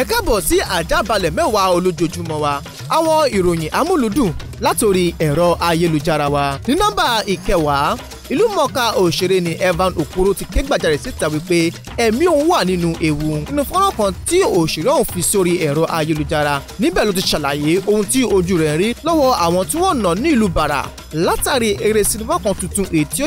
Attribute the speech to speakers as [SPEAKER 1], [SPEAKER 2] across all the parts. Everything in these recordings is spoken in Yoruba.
[SPEAKER 1] ẹ káàbọ̀ sí àjábalẹ̀ mẹ́wàá olójoojúmọ́ wa àwọn ìròyìn amúlùdùn látòrí ẹ̀rọ ayélujára wa ní nọ́mbà ìkẹwàá ìlú mọ̀ọ́ká òṣèré ni Evan Okoro ti ké gbàjarè síta wípé ẹ̀mí òun wà nínú ewu nínú fọ́nrán kan tí òṣèré òun fi sórí ẹ̀rọ ayélujára níbẹ̀ ló ti ṣàlàyé ohun tí ojú rẹ̀ ń rí lọ́wọ́ àwọn tí wọ́n nà ní ìlú bàrà látàrí eré sinimá kan tuntun èyí tó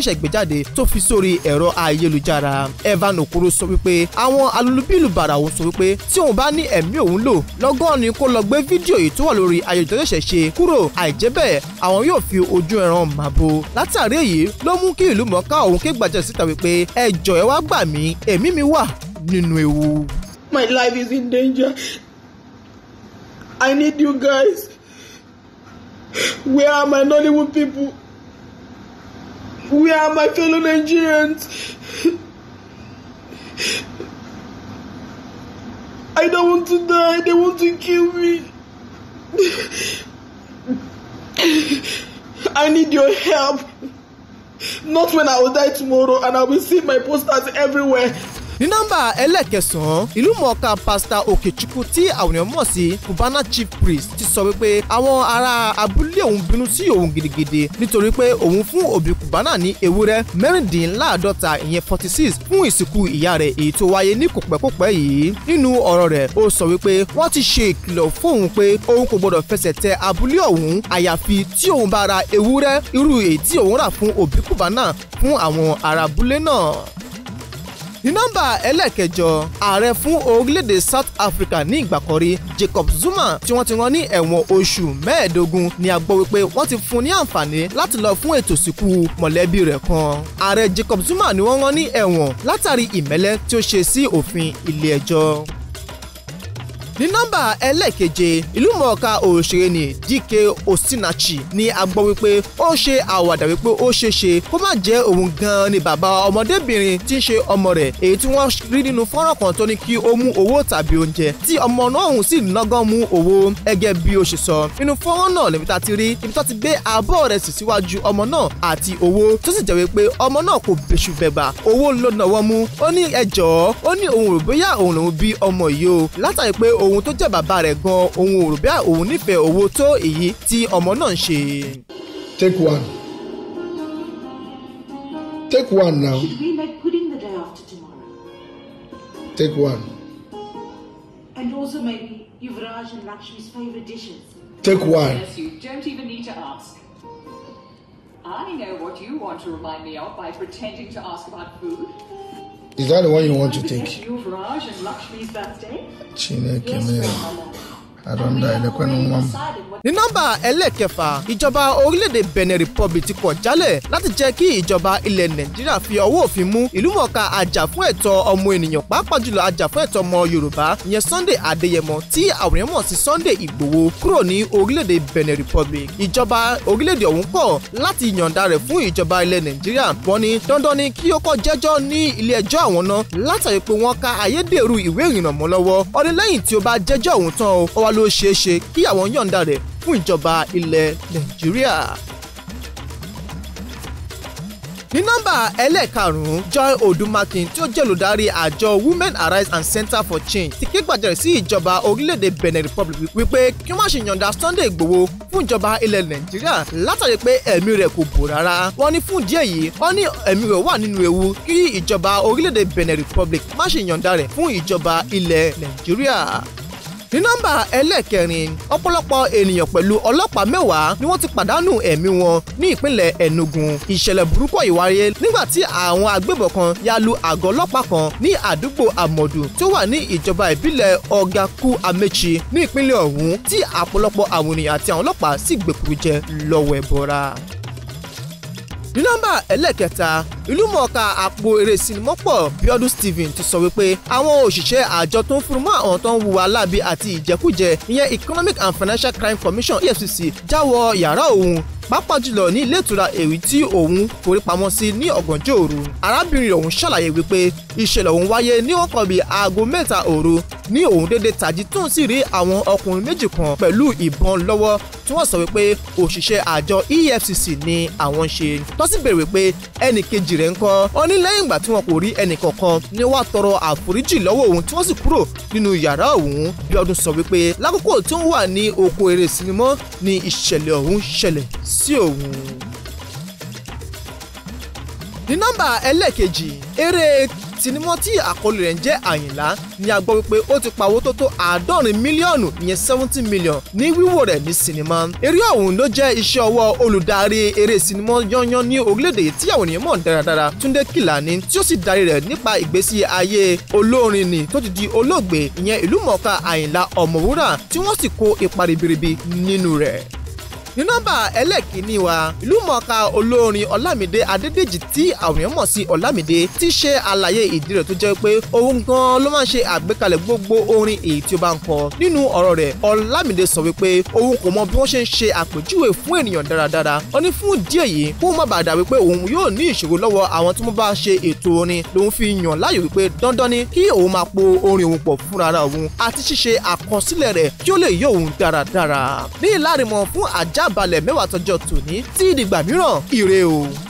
[SPEAKER 1] ṣẹ̀ ṣe kúrò àìjẹ́ bẹ́ẹ̀ àwọn yóò fi ojú ẹran màbo látàrí èyí ló mú kí ìlú mọ̀ọ́ká òun ké gbàjẹ́ síta wípé ẹ ẹ wá gbà mí ẹ̀mí mi wà nínú ewu. My life is in danger. I need you guys. Where are my Nollywood people? Where are my fellow Nigerians? I don't want to die. They want to kill me. I need your help. Not when I will die tomorrow and I will see my posters everywhere ní nọ́mbà ẹlẹ́kẹsàn-án ìlú mọ̀ọ́ká pásítà Okechukwu tí àwọn èèyàn mọ̀ sí Cubana chief priest ti sọ wípé àwọn ará abúlé òun bínú sí òun gidigidi nítorí pé òun fún òbí Cubana ní ewúrẹ́ mẹ́rìndínláàdọ́ta ìyẹn forty six fún ìsìnkú ìyá rẹ̀ èyí tó wáyé ní kòpẹ́kòpẹ́ yìí nínú ọ̀rọ̀ rẹ̀ ó sọ wípé wọ́n ti ṣe ìkìlọ̀ fóun pé òun kò gbọdọ̀ fẹsẹ̀ tẹ abúlé òun àyàfi tí òun bá ra ewúrẹ́ irú èyí tí òun rà fún òbí Cubana fún àwọn ará abúlé náà ní nọ́mbà ẹlẹ́kẹjọ ààrẹ fún orílẹ̀-èdè South Africa ní ìgbà Jacob Zuma tí wọ́n ti rán ní ẹ̀wọ̀n oṣù mẹ́ẹ̀ẹ́dógún ni a gbọ́ wípé wọ́n ti fún ní àǹfààní láti lọ fún ètò ìsìnkú mọ̀lẹ́bí rẹ̀ kan ààrẹ Jacob Zuma ni wọ́n rán ní ẹ̀wọ̀n látàrí ìmẹ́lẹ́ tí ó ṣe sí òfin ilé ẹjọ́ ní nọ́mbà ẹlẹ́ẹ̀keje ìlúmọ̀ọ́ká òṣèré ni DK Osinachi ni a gbọ́ wípé ó ṣe àwàdà wípé ó ṣe é ṣe kó má jẹ́ òun gan-an ni bàbá ọmọdébìnrin tí ń ṣe ọmọ rẹ̀ èyí tí wọ́n rí nínú fọ́nrán kan tó ní kí ó mú owó tàbí oúnjẹ tí ọmọ náà òun sì lọ́gán mú owó ẹgẹ́ bí ó ṣe sọ nínú fọ́nrán náà lèmi tá ti rí ibi tó ti gbé abọ́ rẹ̀ sì síwájú ọmọ náà àti owó tó sì jẹ́ wípé ọmọ náà kò bẹ̀ṣù bẹ̀bà owó ló náwó mú ó ní ẹjọ́ ó ní òun rò o òun tó jẹ́ bàbá rẹ̀ gan òun ò rò bí òun nífẹ̀ẹ́ owó tó èyí tí ọmọ náà ń ṣe. take one take one now take one. and also maybe Yuvraj and Lakshmi's favorite dishes. take one. yes you don't even need to ask. I know what you want to remind me of by pretending to ask about food. Is that the one you want to take? Yuvraj and Lakshmi's birthday? Chineke, yes, àdọ́ndà ẹlẹ́kọ́ni wọn. ní nọ́mbà ẹlẹ́kẹfà ìjọba orílẹ̀-èdè Benin Republic ti kọ̀ jálẹ̀ láti jẹ́ kí ìjọba ilẹ̀ Nàìjíríà fi ọwọ́ òfin mú ìlúmọ̀ọ́ká àjàfún ẹ̀tọ́ ọmọ ènìyàn pàápàá jùlọ àjàfún ẹ̀tọ́ ọmọ Yorùbá ìyẹn Sunday Adéyẹmọ tí àwọn èèyàn mọ̀ sí Sunday Ìgbòho kúrò ní orílẹ̀-èdè Benin Republic ìjọba orílẹ̀-èdè ọ̀hún kọ̀ láti yọ̀ǹda rẹ̀ fún ìjọba ilẹ̀ Nàìjíríà wọ́n ní dandan ni kí ó kọ́ jẹ́jọ́ ní ilé ẹjọ́ àwọn náà látàrí pé wọ́n ka ayédèrú ìwé ìrìnnà mọ́ lọ́wọ́ ọdún lẹ́yìn tí ó bá jẹ́jọ́ òun tán o wá ló ṣeé ṣe kí àwọn yọ̀ǹda rẹ̀ fún ìjọba ilẹ̀ nàìjíríà ní nọ́mbà ẹlẹ́ẹ̀karùn-ún joy odumakin tí ó jẹ́ olùdarí àjọ women arise and center for change ti ké gbàjarè sí ìjọba orílẹ̀-èdè benin republic wípé kí wọ́n ṣe yọ̀ǹda sunday igbòho fún ìjọba ilẹ̀ nàìjíríà látàrí pé ẹ̀mí rẹ̀ kò bò rárá wọ́n ní fún díẹ̀ yìí wọ́n ní ẹ̀mí rẹ̀ wà nínú ewu kí ìjọba orílẹ̀-èdè benin republic má ṣe yọ̀ǹda rẹ̀ fún ìjọba ilẹ̀ nàìjíríà ní nọ́mbà ẹlẹ́ẹ̀kẹrin ọ̀pọ̀lọpọ̀ ènìyàn pẹ̀lú ọlọ́pàá mẹ́wàá ni wọ́n ti pàdánù ẹ̀mí wọn ní ìpínlẹ̀ Enugu ìṣẹ̀lẹ̀ burúkú ìwáyé nígbà tí àwọn agbébọn kan ya lu àgọ́ ọlọ́pàá kan ní àdúgbò àmọ̀dù tó wà ní ìjọba ìbílẹ̀ ọ̀gákú amechi ní ìpínlẹ̀ ọ̀hún tí àpọ̀lọpọ̀ àwọn ènìyàn àti àwọn ọlọ́pàá sì gbèkúrú jẹ lọ́wọ́ ẹ̀bọra ní nọ́mbà ẹlẹ́kẹta ìlúmọ̀ọ́ká àpò eré sinimá pọ̀ Bíọ́dún Steven ti sọ wípé àwọn òṣìṣẹ́ àjọ tó ń furu mọ́ àwọn tó ń hùwà láabi àti ìjẹkújẹ ìyẹn Economic and Financial Crime Commission EFCC jáwọ́ yàrá òun pàápàá jùlọ ní ilé ìtura èyí tí òun forí pamọ́ sí ní ọ̀gànjọ́ òru arábìnrin òun ṣàlàyé wípé ìṣẹ̀lẹ̀ òun wáyé ní wọ́n kan bíi aago mẹ́ta òru ní òun dédé tají tóun sì rí àwọn ọkùnrin méjì kan pẹ̀lú ìbọn lọ́wọ́ tí wọ́n sọ wípé òṣìṣẹ́ àjọ EFCC ni àwọn ṣe tó sì pé ẹnì kejì rẹ̀ ń kọ́ ọ ní lẹ́yìn ìgbà tí wọn kò rí ẹnì kankan ni wọ́n á tọrọ àforíjì lọ́wọ́ òun tí wọ́n sì kúrò nínú yàrá òun bí ọdún sọ wípé lákòókò tí wọ́n wà ní oko eré sinimá ni ìṣẹ̀lẹ̀ ọ̀hún ṣẹlẹ̀ sí òun ní nọ́mbà ẹlẹ́ẹ̀kejì eré sinimá tí àkọlù rẹ̀ ń jẹ́ àyìnlá ni a gbọ́ wípé ó ti pawó tó tó àádọ́rin mílíọ̀nù ìyẹn seventy million ní wíwò rẹ̀ ní sinimá eré ọ̀hún ló jẹ́ iṣẹ́ ọwọ́ olùdarí eré sinimá yányán ní orílẹ̀-èdè tí àwọn ènìyàn mọ̀ dáradára Túndé Kìlání tí ó sì darí rẹ̀ nípa ìgbésí ayé olórin ni tó ti di olóògbé ìyẹn ìlúmọ̀ọ́ká àyìnlá ọ̀mọ̀wúrà tí wọ́n sì kó ipa ribiribi nínú rẹ̀ ní nọ́mbà ẹlẹ́kìíní wa ìlúmọ̀ọ́ká olórin ọlámídé adédèjì tí àwọn mọ̀ sí ọlámídé ti ṣe àlàyé ìdí rẹ̀ tó jẹ́ pé òun gan-an ló máa ń ṣe àgbékalẹ̀ gbogbo orin èyí tí ó bá ń kọ nínú ọ̀rọ̀ rẹ̀ ọlámídé sọ wípé òun kò mọ bí wọ́n ṣe ń ṣe àpèjúwe fún ènìyàn dáradára ó ní fún díẹ̀ yìí kó má bàa dà wípé òun yóò ní ìṣòro lọ́wọ́ àwọn tí wọ́n bá ṣe ètò ni kí òun máa po ajá balẹ̀ mẹ́wàá tọjọ́ tòní tí ìdìgbà mìíràn ire o.